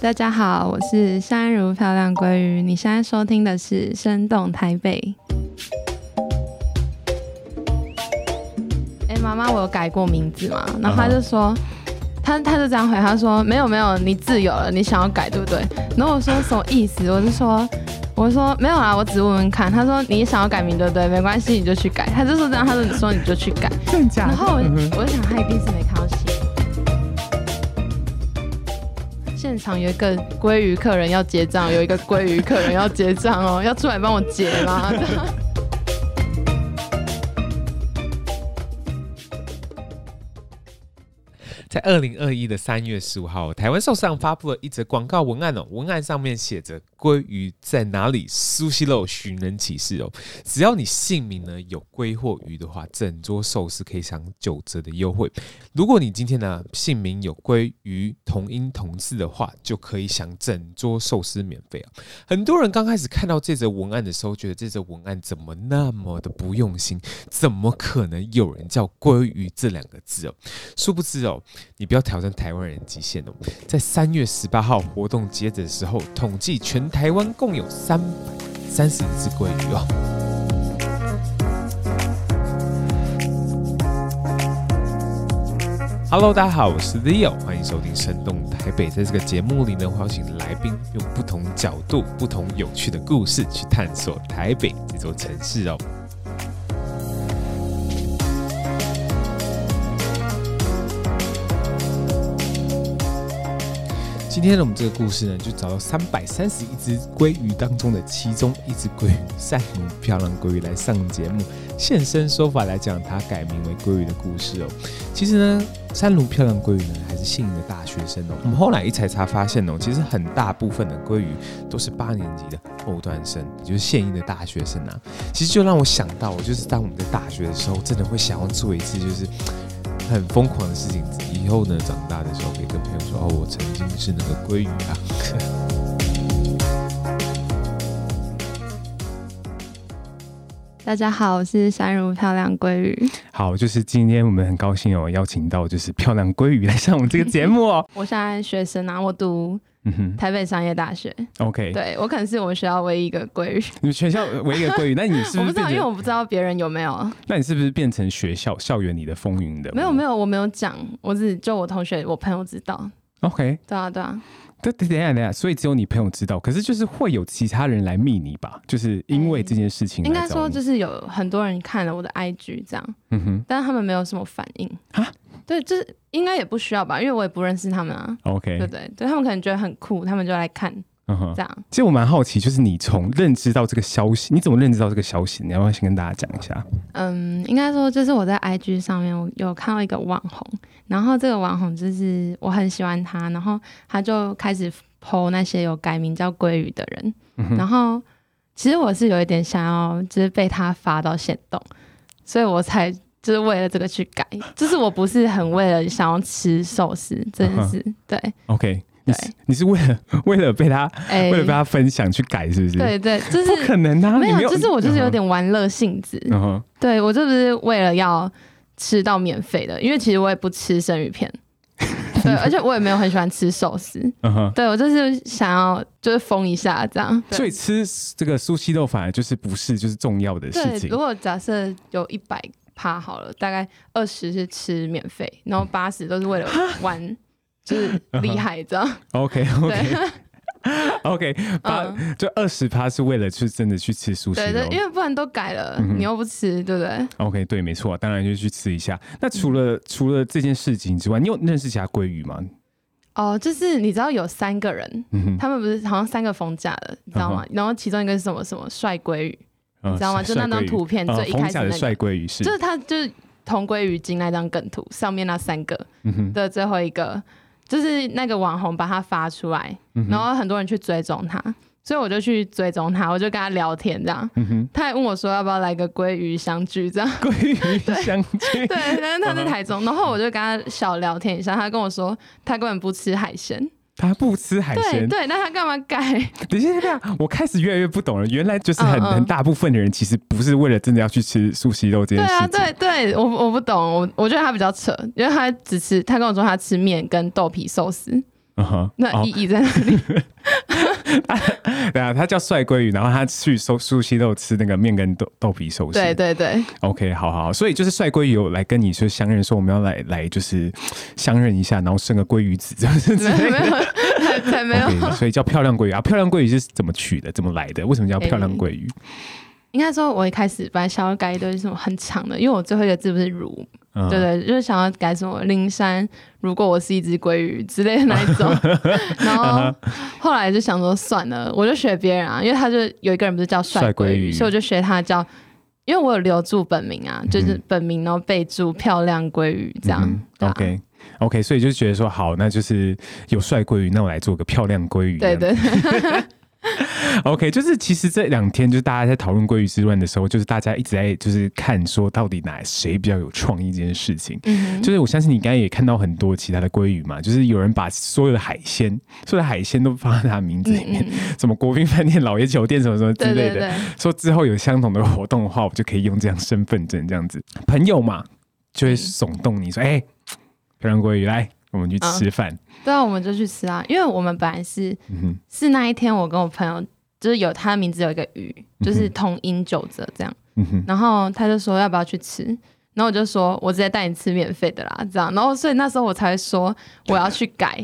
大家好，我是山如漂亮鮭魚。你現在收聽的是《聲動台北》欸。哎，媽媽，我有改過名字嗎？然後他就說，好好他他就這樣回，他說沒有沒有，你自由了，你想要改對不對？然後我說什麼意思？我就說，我說沒有啊，我只問問看。他說你想要改名對不對？沒關係，你就去改。他就說這樣，他說你說你就去改。 然後我，就我就想，他一定是沒看到現場有一個鮭魚客人要結賬，有一個鮭魚客人要結賬哦，要出來幫我結嗎？ 在二零二一的三月十五號，台灣壽司郎發佈了一則廣告文案哦、喔，文案上面寫着“鮭魚在哪裡？Sushiro 尋人啟事哦，只要你姓名呢有鮭或魚的話，整桌壽司可以享九折的優惠。如果你今天呢姓名有鮭魚同音同字的話，就可以享整桌壽司免費哦、喔。很多人剛開始看到這則文案的時候，覺得這則文案怎麼那麼的不用心？怎麼可能有人叫鮭魚這兩個字哦、喔？殊不知哦、喔。你不要挑戰台灣人極限哦！在三月十八號活動截止的時候，統計全台灣共有三百三十隻鮭魚哦。Hello，大家好，我是 Leo，歡迎收聽《生動台北》。在這個節目裡呢，我邀請來賓用不同角度、不同有趣的故事去探索台北這座城市哦。今天我們這個故事呢，就找到三百三十一隻鮭魚當中的其中一隻鮭魚三如漂亮鮭魚來上節目，現身說法來講它改名為鮭魚的故事哦。其實呢，三如漂亮鮭魚呢還是現役的大學生哦。我們後來一才查發現哦，其實很大部分的鮭魚都是八年級的後段生，也就是現役的大學生啊。其實就讓我想到，就是當我們在大學的時候，真的會想要做一次，就是。很瘋狂的事情，以後呢，長大的時候可以跟朋友說哦，我曾經是那個鮭魚啊！ 大家好，我是山如漂亮鮭魚。好，就是今天我們很高興哦，邀請到就是漂亮鮭魚來上我們這個節目。 我現在學生啊，我讀。台北商業大學，OK，對，我可能是我們學校唯一一個鮭魚。你們全校唯一一個鮭魚。 那你是不是？我不知道，因為我不知道別人有沒有。那你是不是變成學校校園裡的風雲的？沒有沒有，我沒有講，我只就我同學、我朋友知道。OK，對啊對啊，對，等一下等下，所以只有你朋友知道。可是就是會有其他人來密你吧？就是因為這件事情，應該說就是有很多人看了我的 IG 這樣，嗯哼，但是他們沒有什麼反應啊。對，就是應該也不需要吧，因為我也不認識他們啊。OK，對對，對他們可能覺得很酷，他們就來看，嗯哼，這樣。其實我蠻好奇，就是你從認知到這個消息，你怎麼認知到這個消息？你要不要先跟大家講一下？嗯，應該說就是我在 IG 上面，我有看到一個網紅，然後這個網紅就是我很喜歡他，然後他就開始 PO 那些有改名叫鮭魚的人，然後其實我是有一點想要就是被他發到限動，所以我才。就是為了這個去改，就是我不是很為了想要吃壽司真的是、uh -huh. 對。OK，對你是你是為了為了被他、欸，為了被他分享去改，是不是？對對、對，這、就是不可能的、啊。沒有、沒有，就是我就是有點玩樂性質。嗯、uh、哼 -huh.。對我就是為了要吃到免費的，因為其實我也不吃生魚片， 對，而且我也沒有很喜歡吃壽司。嗯、uh、哼 -huh.，對我就是想要就是瘋一下這樣，對所以吃這個蘇溪肉反而就是不是就是重要的事情。如果假設有一百個趴好了，大概二十是吃免費，然後八十都是為了玩， 就是厲害，這樣 o k、uh -huh. OK OK，八、 okay, 就二十趴是為了去真的去吃壽司、uh -huh.，對，對，對，因為不然都改了、嗯，你又不吃，對不對？OK 對，沒錯、啊，當然就去吃一下。那除了、嗯、除了這件事情之外，你有認識其他鮭魚嗎？哦，就是你知道有三個人，嗯、他們不是好像三個封架了，你知道嗎？Uh -huh. 然後其中一個是什麼什麼帥鮭魚。你知道嗎？帥帥就那張圖片最一開始那個，哦、是就是他就是同歸於盡那張梗圖上面那三個的最後一個，嗯、就是那個網紅把他發出來、嗯，然後很多人去追蹤他，所以我就去追蹤他，我就跟他聊天這樣。他、嗯、還問我說要不要來個鮭魚相聚這樣？鮭魚相聚， 對，然後他在台中，然後我就跟他小聊天一下，他跟我說他根本不吃海鮮。他不吃海鮮，對，那他幹嘛改？等一下，我開始越來越不懂了。原來就是很 uh -uh. 很大部分的人其實不是為了真的要去吃素、稀、肉這些事。對啊，對，對，我我不懂，我我覺得他比較扯，因為他只吃，他跟我說他吃麵跟豆皮壽司。Uh -huh, 那意義在哪裡？對、哦、啊， 他叫帥鮭魚，然後他去收蘇西豆吃那個麵跟豆豆皮壽司。對對對。OK，好好，所以就是帥鮭魚我來跟你說相認，說我們要來來就是相認一下，然後生個鮭魚子，就是這樣子。還沒有，還沒有。Okay, 所以叫漂亮鮭魚啊！漂亮鮭魚是怎麼取的？怎麼來的？為什麼叫漂亮鮭魚？Okay. 應該說，我一開始本來想要改一堆什麼很強的，因為我最後一個字不是“如”，對、嗯、對，就是想要改什麼“靈山”，如果我是一隻鮭魚之類的那一種。啊、然後後來就想說，算了，啊、我就學別人啊，因為他就有一個人不是叫帥鮭“帥鮭魚”，所以我就學他叫，因為我有留住本名啊，就是本名然後備註“漂亮鮭魚這嗯嗯”這樣。OK OK，所以就覺得說，好，那就是有帥鮭魚，那我來做個漂亮鮭魚。對對、對。 OK，就是其實這兩天，就是、大家在討論鮭魚之亂的時候，就是大家一直在就是看說到底哪誰比較有創意這件事情嗯嗯。就是我相信你剛才也看到很多其他的鮭魚嘛，就是有人把所有的海鮮，所有的海鮮都放在他名字裡面，嗯嗯什麼國賓飯店、老爺酒店什麼什麼之類的對對對。說之後有相同的活動的話，我就可以用這樣身份證這樣子。朋友嘛，就會聳動你說，哎、嗯欸，漂亮鮭魚，來，我們去吃飯。對啊，我們就去吃啊，因為我們本來是、嗯、是那一天，我跟我朋友就是有他的名字有一個“魚”，就是同音九折這樣、嗯。然後他就說要不要去吃，然後我就說，我直接帶你吃免費的啦，這樣。然後所以那時候我才說我要去改，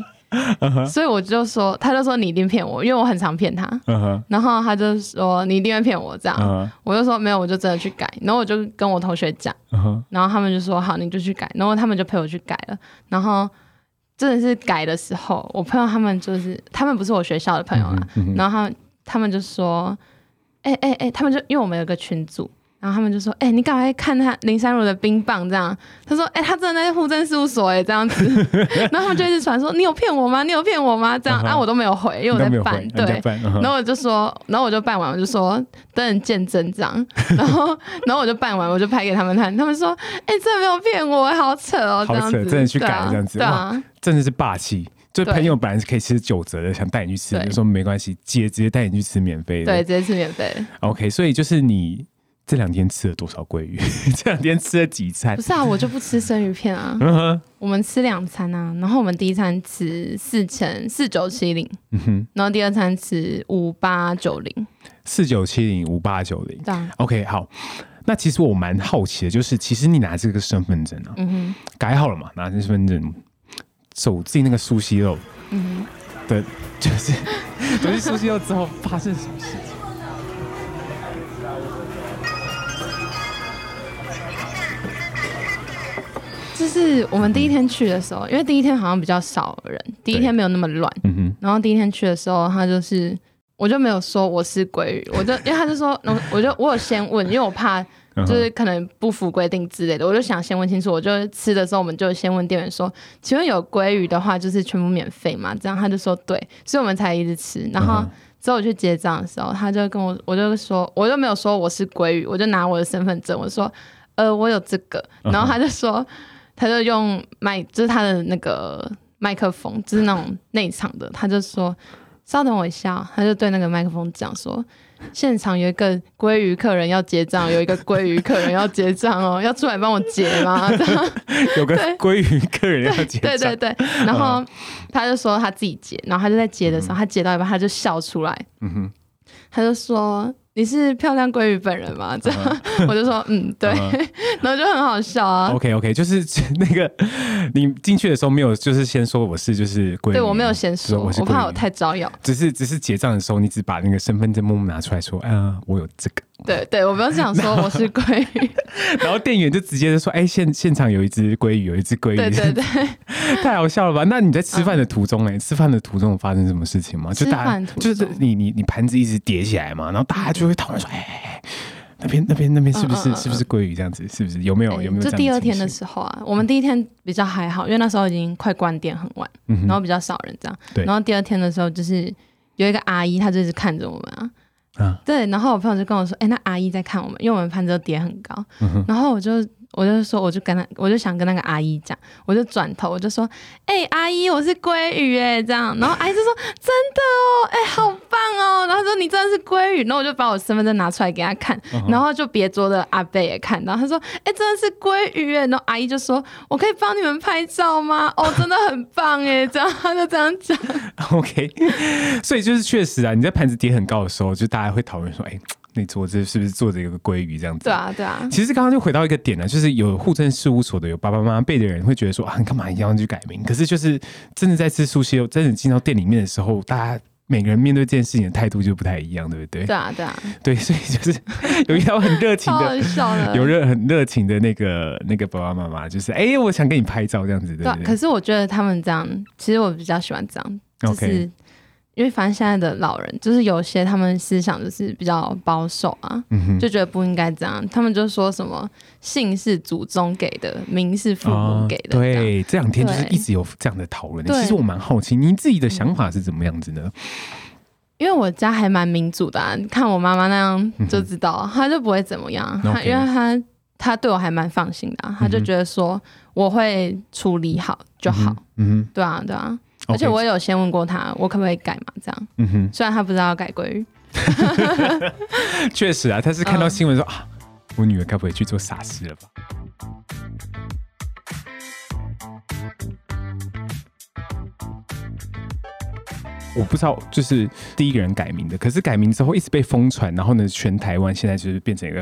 嗯、所以我就說他就說你一定騙我，因為我很常騙他。嗯、然後他就說你一定會騙我這樣、嗯，我就說沒有，我就真的去改。然後我就跟我同學講、嗯，然後他們就說好，你就去改。然後他們就陪我去改了，然後。真、就、的是改的時候，我朋友他們就是他們不是我學校的朋友嘛，嗯嗯、然後他們他們就說，哎哎哎，他們就因為我們有個群組，然後他們就說，哎、欸，你趕快看他林山如的冰棒這樣。他說，哎、欸，他真的在戶政事務所哎這樣子，然後他們就一直傳說，你有騙我嗎？你有騙我嗎？這樣，然、啊、後我都沒有回，因為我在辦對辦、嗯，然後我就說，然後我就辦完，我就說，等人見真章，然後然後我就辦完，我就拍給他們看，他們說，哎、欸，真的沒有騙我，好扯哦、喔，這樣子，真的去改這樣子對啊。對啊。甚至是霸氣，就朋友本來是可以吃九折的，想帶你去吃，就說沒關係，姐直接帶你去吃免費的，對，直接吃免費。OK，所以就是你這兩天吃了多少鮭魚？ 這兩天吃了幾餐？不是啊，我就不吃生魚片啊。 我們吃兩餐啊，然後我們第一餐吃四乘四九七零，然後第二餐吃五八九零，四九七零五八九零。對，OK，好。那其實我蠻好奇的，就是其實你拿這個身份證啊，嗯哼，改好了嘛？拿這個身份證。走進那個壽司郎，嗯，對，就是走進壽司郎之後發生什麼事情？就是，是我們第一天去的時候，因為第一天好像比較少人，第一天沒有那麼亂，嗯，然後第一天去的時候，他就是，我就沒有說我是鮭魚，我就因為他就說，我就我有先問，因為我怕。就是可能不符規定之類的，我就想先問清楚。我就吃的時候，我們就先問店員說，請問有鮭魚的話，就是全部免費嗎？這樣他就說對，所以我們才一直吃。然後之後我去結賬的時候，他就跟我，我就說，我就沒有說我是鮭魚，我就拿我的身份證，我說，呃，我有這個。然後他就說，他就用麥，就是他的那個麥克風，就是那種內場的，他就說，稍等我一下，他就對那個麥克風這樣說。現場有一個鮭魚客人要結賬，有一個鮭魚客人要結賬哦， 要出來幫我結嗎？這樣 有個鮭魚客人要結帳，對，對對對，然後他就說他自己結，然後他就在結的時候，嗯、他結到一半他就笑出來，嗯哼，他就說，你是漂亮鮭魚本人嗎？這樣、嗯、我就說嗯，對。嗯 然後就很好笑啊。OK OK，就是那個你進去的時候沒有，就是先說我是就是鮭魚。對我沒有先說，就是、說我，是我怕我太招搖。只是只是結賬的時候，你只把那個身份證默默拿出來說，嗯，我有這個。對對，我沒有想說我是鮭魚。然， 然後店員就直接就說：“哎、欸，現現場有一隻鮭魚，有一隻鮭魚。”對對對， 太好笑了吧？那你在吃飯的途中、欸，哎、啊，吃飯的途中有發生什麼事情嗎？就大家就是你你你盤子一直疊起來嘛，然後大家就會討論說：“哎、嗯。欸”欸那邊那邊那邊是不是嗯嗯嗯嗯，是不是鮭魚這樣子？是不是有沒有、欸、有沒有？就第二天的時候啊，我們第一天比較還好，因為那時候已經快關店很晚，然後比較少人這樣。嗯、然後第二天的時候，就是有一個阿姨，她就一直看著我們啊，啊，對。然後我朋友就跟我說：“哎、欸，那阿姨在看我們，因為我們盤子都點很高。嗯”然後我就。我就說，我就跟他，我就想跟那個阿姨講，我就轉頭，我就說，欸，阿姨，我是鮭魚，誒，這樣，然後阿姨就說，真的哦，欸，好棒哦，然後他說你真的是鮭魚，那我就把我身份證拿出來給他看，然後就別桌的阿伯也看，然後他說，欸，真的是鮭魚，哎，然後阿姨就說，我可以幫你們拍照嗎？哦，真的很棒，誒， 這樣他就這樣講，OK，所以就是確實啊，你在盤子疊很高的時候，就大家會討論說，欸。那桌子是不是坐着一個鮭魚這樣子？對啊，對啊。其實剛剛就回到一個點了，就是有戶政事務所的有爸爸媽媽輩的人會覺得說啊，你幹嘛一定要去改名？可是就是真的在吃壽司真的進到店裡面的時候，大家每個人面對這件事情的態度就不太一樣，對不對？對啊，對啊。對，所以就是有一條很熱情的， 的有熱很熱情的那個那個爸爸媽媽，就是哎、欸，我想給你拍照這樣子的。對，對，對，對，啊，可是我覺得他們這樣，其實我比較喜歡這樣，o、就是。Okay. 因為反正現在的老人就是有些他們思想就是比較保守啊、嗯，就覺得不應該這樣。他們就說什麼姓是祖宗給的，名是父母給的、啊。對，這兩天就是一直有這樣的討論、欸。其實我蠻好奇，你自己的想法是怎麼樣子呢？因為我家還蠻民主的、啊，看我媽媽那樣就知道，她、嗯、就不會怎麼樣。她、嗯、因為她她對我還蠻放心的、啊，她、嗯、就覺得說我會處理好就好。嗯，嗯，對啊，對啊。而且我也有先問過他，我可不可以改嘛？這樣、嗯，雖然他不知道要改鮭魚。確 實啊，他是看到新聞說、嗯、啊，我女兒該不會去做傻事了吧？我不知道，就是第一個人改名的，可是改名之後一直被瘋傳，然後呢，全台灣現在就是變成一個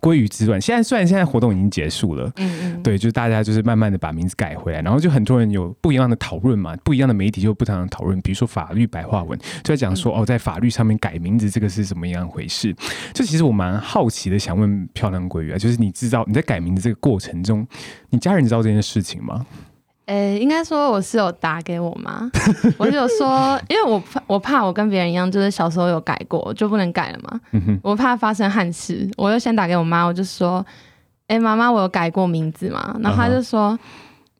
鮭魚之亂。現在雖然現在活動已經結束了，嗯，嗯對，就是大家就是慢慢的把名字改回來，然後就很多人有不一樣的討論嘛，不一樣的媒體就不常常討論，比如說法律白話文就在講說、嗯、哦，在法律上面改名字這個是怎麼樣回事。這其實我蠻好奇的，想問漂亮鮭魚啊，就是你知道你在改名的這個過程中，你家人知道這件事情嗎？誒、欸，應該說我是有打給我媽， 我就有說，因為我怕，我怕我跟別人一樣，就是小時候有改過，就不能改了嘛。嗯、我怕發生憾事，我就先打給我媽，我就說：“誒、欸，媽媽，我有改過名字嗎？”然後他就說：“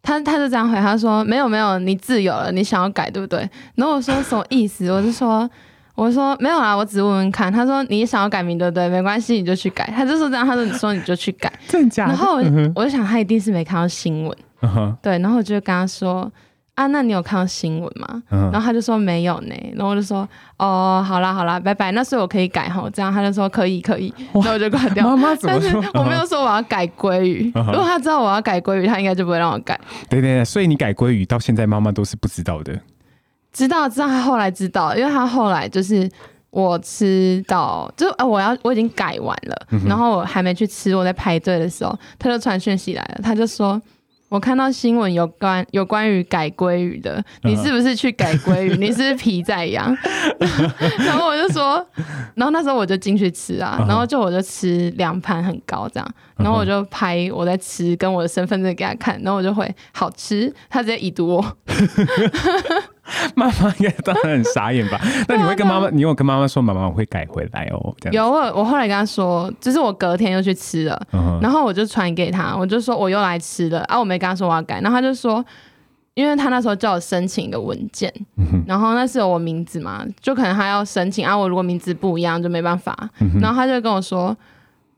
他，他就這樣回，他說：‘沒有，沒有，你自由了，你想要改，對不對？’”然後我說：“什麼意思？” 我就說：“我說沒有啊，我只問問看。”他說：“你想要改名，對不對？沒關係，你就去改。”他就說這樣，他說：“你說你就去改。假”然後我就、嗯、我就想，他一定是沒看到新聞。Uh -huh. 對，然後我就跟他說：“啊，那你有看到新聞嗎？” uh -huh. 然後他就說：“沒有呢。”然後我就說：“哦，好啦，好啦，拜拜。”那所以我可以改好，這樣他就說：“可以，可以。”然後我就掛掉。媽媽怎麼說？Uh -huh. 但是我沒有說我要改鮭魚。Uh -huh. 如果他知道我要改鮭魚，他應該就,、uh -huh. 就不會讓我改。對對對，所以你改鮭魚到現在，媽媽都是不知道的。知道，知道。他後來知道，因為他後來就是我吃到，就哎、呃，我要我已經改完了，uh -huh. 然後我還沒去吃，我在排隊的時候，他就傳訊息來了，他就說。我看到新聞有關有關於改鮭魚的，你是不是去改鮭魚？ 你是不是皮在癢？ 然後我就說，然後那時候我就進去吃啊， 然後就我就吃兩盤很高這樣，然後我就拍我在吃，跟我的身份證給他看，然後我就會好吃，他直接已讀我。 媽媽應該當然很傻眼吧？ 那你會跟媽媽、 啊，你有跟媽媽說媽媽我會改回來哦？這樣，有我我後來跟他說，就是我隔天又去吃了，嗯，然後我就傳給他，我就說我又來吃了啊，我沒跟他說我要改，然後他就說，因為他那時候叫我申請一個文件，嗯、然後那是有我名字嘛，就可能他要申請，啊。我如果名字不一樣就沒辦法，然後他就跟我說。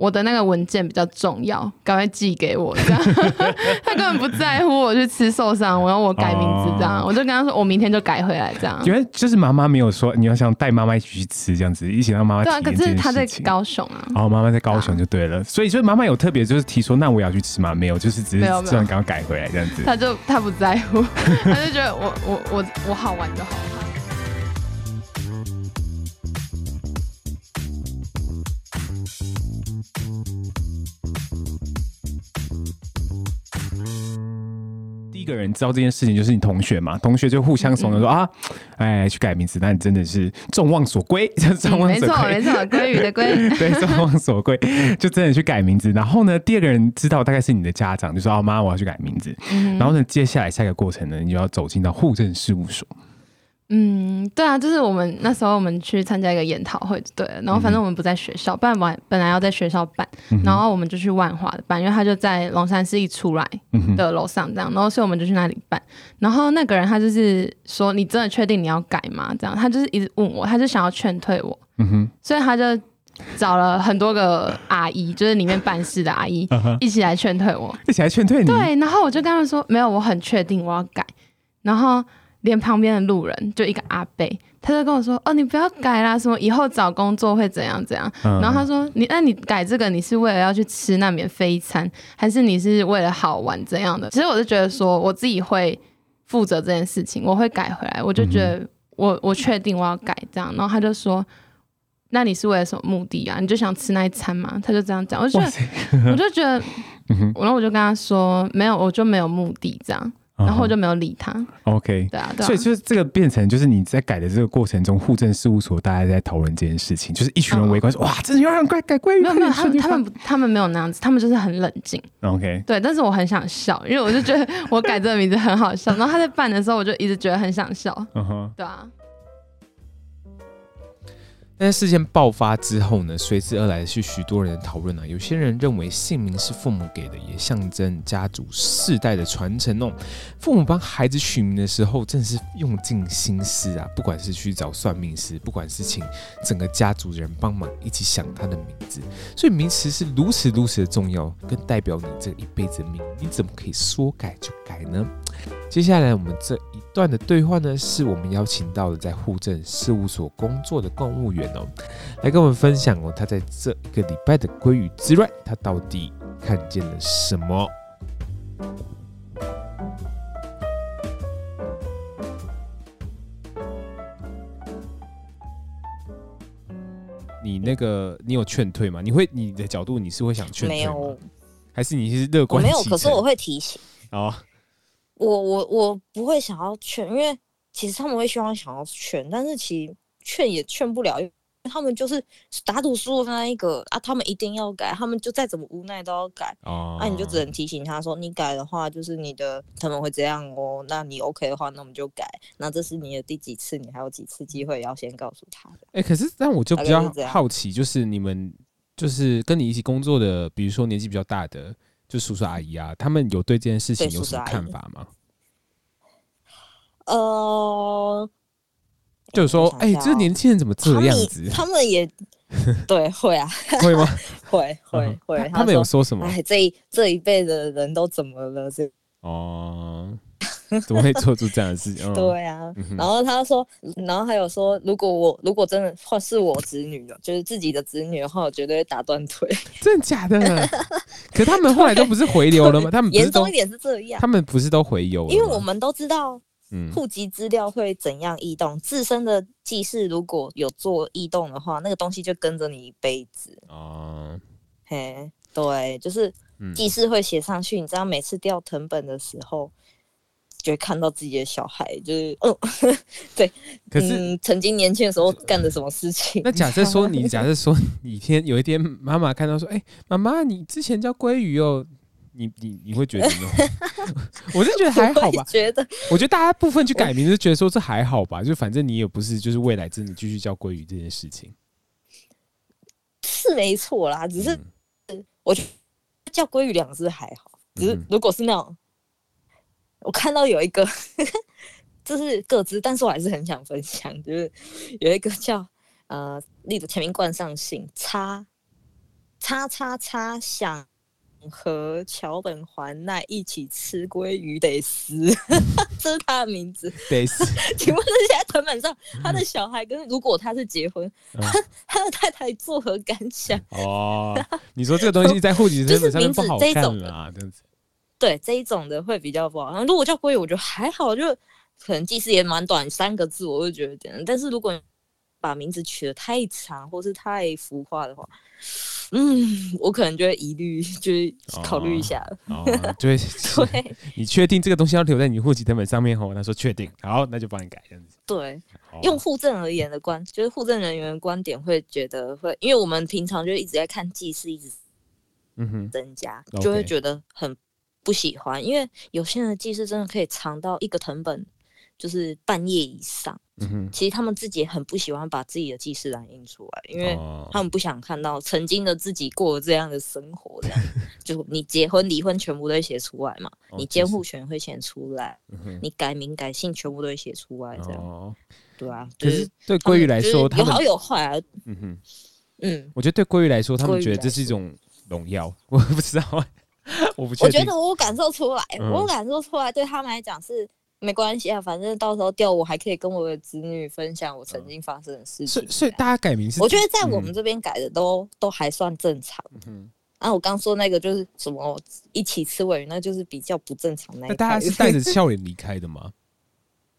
我的那個文件比較重要，趕快寄給我。這樣， 他根本不在乎我，我去吃壽司，我要我改名字這樣，哦、我就跟他說，我明天就改回來這樣。因為就是媽媽沒有說你要想帶媽媽一起去吃這樣子，一起讓媽媽對、啊，可是他在高雄啊。哦，媽媽在高雄就對了，啊、所以就是媽媽有特別就是提說，那我也要去吃嗎？沒有，就是只是這樣趕快改回來這樣子。他就他不在乎， 他就覺得我我我我好玩就好。一個人知道這件事情就是你同學嘛，同學就互相慫恿說、嗯、啊，哎，去改名字，那你真的是眾望所歸，眾望所歸、嗯，沒錯沒錯，歸於的歸， 對，眾望所歸， 就真的去改名字。然後呢，第二個人知道大概是你的家長，就說啊，媽，我要去改名字、嗯。然後呢，接下來下一個過程呢，你就要走進到戶政事務所。嗯，對啊，就是我們那時候我們去參加一個研討會，對、啊，然後反正我們不在學校辦完，本來要在學校辦，然後我們就去萬華的辦，因為他就在龍山寺一出來的樓上這樣，然後所以我們就去那裡辦。然後那個人他就是說：“你真的確定你要改嗎？”這樣，他就是一直問我，他就想要勸退我，嗯、所以他就找了很多個阿姨，就是裡面辦事的阿姨 一起來勸退我，一起來勸退你。對，然後我就跟他們說：“沒有，我很確定我要改。”然後。連旁邊的路人就一個阿伯，他就跟我說：“哦，你不要改啦，什麼以後找工作會怎樣怎樣。嗯”然後他說：“你那你改這個，你是為了要去吃那免費餐，還是你是為了好玩怎樣的？”其實我就覺得說，我自己會負責這件事情，我會改回來。我就覺得、嗯、我我確定我要改這樣。然後他就說：“那你是為了什麼目的啊？你就想吃那一餐嗎？”他就這樣講。我就覺得 我就覺得，然後我就跟他說：“沒有，我就沒有目的這樣。”然後我就沒有理他。Uh -huh. OK，對啊，對啊，所以就是這個變成就是你在改的這個過程中，戶政事務所大家在討論這件事情，就是一群人圍觀說：“ uh -huh. 哇，這女孩很怪改歸。”沒有沒有，他們他們他們沒有那樣子，他們就是很冷靜。OK，、uh -huh. 對，但是我很想笑，因為我就覺得我改這個名字很好笑。 然後他在辦的時候，我就一直覺得很想笑。嗯哼，對啊。在事件爆發之後呢，隨之而來的是許多人的討論啊。有些人認為姓名是父母給的，也象徵家族世代的傳承。哦，父母幫孩子取名的時候，真是用盡心思啊。不管是去找算命師，不管是請整個家族的人幫忙一起想他的名字，所以名字是如此如此的重要，更代表你這一輩子的命。你怎麼可以說改就改呢？接下來我們這一段的對話呢，是我們邀請到了在戶政事務所工作的公務員哦、喔，來跟我們分享哦、喔，他在這個禮拜的鮭魚之亂，他到底看見了什麼？嗯、你那個，你有勸退嗎？你會你的角度，你是會想勸退嗎？沒有？還是你是樂觀？沒有，可是我會提醒。哦。我我我不會想要勸，因為其實他們會希望想要勸，但是其實勸也勸不了，他們就是打賭輸的那一個啊，他們一定要改，他們就再怎麼無奈都要改。哦，那你就只能提醒他說，你改的話就是你的，他們會這樣哦，那你 OK 的話，那我們就改。那這是你的第幾次？你還有幾次機會要先告訴他的？哎、欸，可是但我就比較好奇，就是你們就是跟你一起工作的，比如說年紀比較大的。就叔叔阿姨啊，他們有對這件事情有什麼看法嗎？叔叔呃，就是說，哎、欸，這年輕人怎麼這樣子？他們，他們也對，會啊， 會嗎？ 會會會他。他們有說什麼？哎，這這一輩的人都怎麼了？這哦。嗯怎麼會做出這樣的事情？嗯、對啊，然後他說，然後還有說，如果我如果真的或是我子女的，就是自己的子女的話，我絕對會打斷腿。真的假的？可他們後來都不是回流了嗎？他們嚴重一點是這樣，他們不是都回流了？因為我們都知道，嗯，戶籍資料會怎樣異動、嗯，自身的記事如果有做異動的話，那個東西就跟着你一輩子。哦、啊，嘿，對，就是記事會寫上去，你知道，每次調謄本的時候。就會看到自己的小孩，就是嗯，對，可是、嗯、曾經年輕的時候幹的什麼事情？嗯、那假設說你， 假設說你天有一天，媽媽看到說，哎、欸，媽媽，你之前叫鮭魚哦，你你你會覺得嗎？ 我就覺得還好吧。我覺得？我覺得大家部分去改名就是覺得說這還好吧，就反正你也不是就是未來真的繼續叫鮭魚這件事情，是沒錯啦。只是我覺得叫鮭魚兩個字還好，只是如果是那種。嗯我看到有一個，呵呵這是個資，但是我還是很想分享，就是有一個叫呃，例子，前面冠上姓叉叉叉叉想和橋本環奈一起吃鮭魚得死， 這是他的名字得死。 這是 請問是現在謄本上他的小孩跟如果他是結婚，嗯、 他的太太作何感想？哦， 你說這個東西在戶籍謄本上不好看啊，就是、這樣子。就是對這一種的會比較不好，然後如果叫國我覺得還好，就可能記事也蠻短，三個字我就覺得，但是如果把名字取得太長或是太浮誇的話，嗯，我可能就會疑慮，就是考慮一下，哦呵呵哦，對，對，你確定這個東西要留在你戶籍謄本上面？哦，那說確定，好，那就幫你改這樣子。對，哦，用戶政而言的觀，就是戶政人員的觀點會覺得會，因為我們平常就一直在看記事，一直嗯哼增加，就會覺得很。不喜歡，因為有些人的記事真的可以長到一個謄本，就是半頁以上。嗯、其實他們自己很不喜歡把自己的記事打印出來，因為他們不想看到曾經的自己過這樣的生活。這樣、哦，就你結婚離婚全部都寫出來嘛，哦、你監護權會寫出來、嗯，你改名改姓全部都寫出來，這樣、哦。對啊，就是對鮭魚來說，它有好有壞啊。嗯哼，嗯，我覺得對鮭魚來說，他們覺得這是一種榮耀。我不知道、欸。我不，我覺得我感受出來，嗯、我感受出來，對他們來講是沒關係啊，反正到時候掉我還可以跟我的子女分享我曾經發生的事情、嗯。所以，所以大家改名是？我覺得在我們這邊改的都、嗯、都還算正常。嗯，啊，我剛說那個就是什麼一起吃鮪魚，那就是比較不正常那。那大家是帶着笑臉離開的嗎？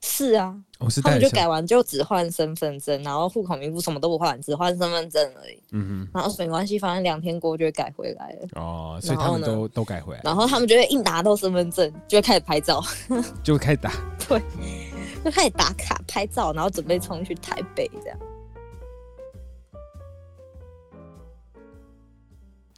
是啊，哦是，他們就改完就只換身份證，然後戶口名簿什麼都不換，只換身份證而已。嗯哼，然後說沒關係，反正兩天過就會改回來了。哦，所以他們都都改回來。然後他們就會一拿到身份證就會開始拍照， 就開始打，對，就開始打卡拍照，然後準備衝去台北。這樣，嗯。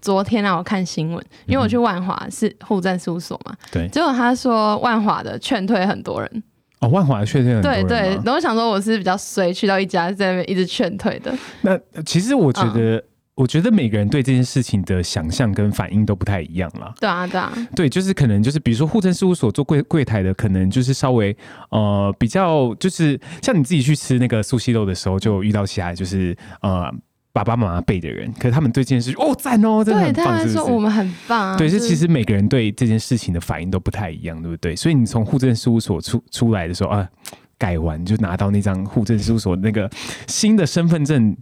昨天啊，我看新聞，因為我去萬華是戶政事務所嘛，對，結果他說萬華的勸退很多人。啊、哦，萬華確實很對對，然後想說我是比較衰，去到一家在那邊一直勸退的。那其實我覺得、嗯，我覺得每個人對這件事情的想象跟反應都不太一樣了。對啊，對啊，對，就是可能就是比如說，戶政事務所做櫃櫃台的，可能就是稍微呃比較，就是像你自己去吃那個壽司郎的時候，就遇到起來就是呃。爸爸媽媽輩的人，可是他們對這件事哦讚哦，哦真的很棒，對他們說我們很棒，啊是是對對。對，是其實每個人對這件事情的反應都不太一樣，對不對？所以你從戶政事務所出出來的時候啊，改完就拿到那張戶政事務所那個新的身份證，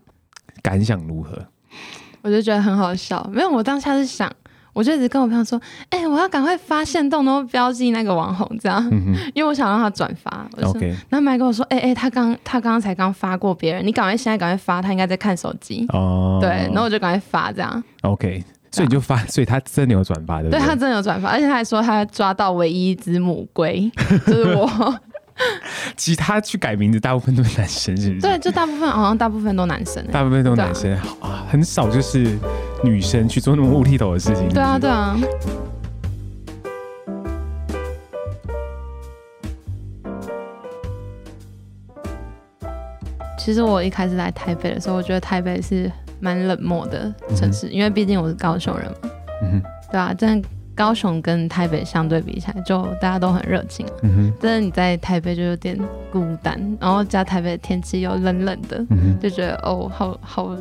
感想如何？ 我就覺得很好笑，沒有，我當下是想。我就一直跟我朋友說，哎、欸，我要趕快發限動都標記那個網紅這樣，嗯、因為我想讓他轉發我。OK，然後麥跟我說，哎、欸、哎、欸，他剛他剛剛才剛發過別人，你趕快現在趕快發，他應該在看手機。哦、oh.，對，然後我就趕快發這樣。OK，樣所以你就發，所以他真的有轉發的。對，對，對他真的有轉發，而且他還說他還抓到唯一一隻母鮭，就是我。 其他去改名字大部分都是男生，是不是？對，就大部分好像大部分都男生，大部分都男生啊，啊，很少就是。女生去做那麼無厘頭的事情是不是？對啊，對啊。 其實我一開始來台北的時候，我覺得台北是蠻冷漠的城市，嗯、因為畢竟我是高雄人嘛、嗯。對啊，但高雄跟台北相對比起來，就大家都很熱情、啊嗯。但是你在台北就有點孤單，然後加台北的天氣又冷冷的，嗯、就覺得哦，好好。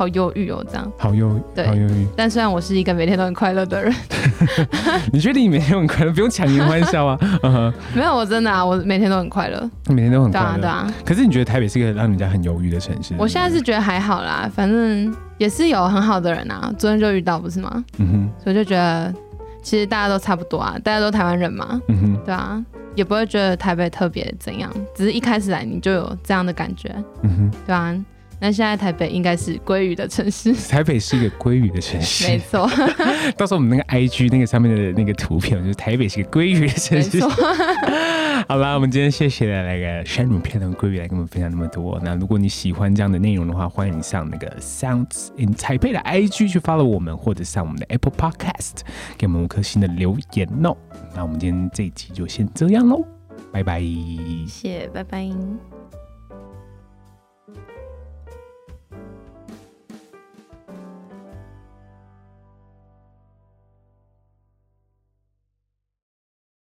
好憂鬱哦，這樣。好憂鬱。對。好憂鬱。但雖然我是一個每天都很快樂的人。 你確定你每天都很快樂，不用強顏歡笑啊？嗯 哼、uh -huh。沒有，我真的啊，我每天都很快樂。每天都很快樂，對啊，對啊。可是你覺得台北是一個讓人家很憂鬱的城市？我現在是覺得還好啦，反正也是有很好的人啊。昨天就遇到不是嗎？嗯哼。所以就覺得其實大家都差不多啊，大家都台灣人嘛。嗯哼。對啊，也不會覺得台北特別怎樣，只是一開始來你就有這樣的感覺。嗯哼。對啊。那現在台北應該是鮭魚的城市。台北是一個鮭魚的城市，沒錯 。到時候我們那個 I G 那個上面的那個圖片，就是台北是一個鮭魚的城市。 好了，我們今天謝謝那個山姆片的鮭魚來跟我們分享那麼多。那如果你喜歡這樣的內容的話，歡迎上那個 Sounds in 台北的 I G 去 follow 我們，或者上我們的 Apple Podcast 給我們五顆星的留言哦。那我們今天這一集就先這樣嘍，拜拜。謝謝，拜拜。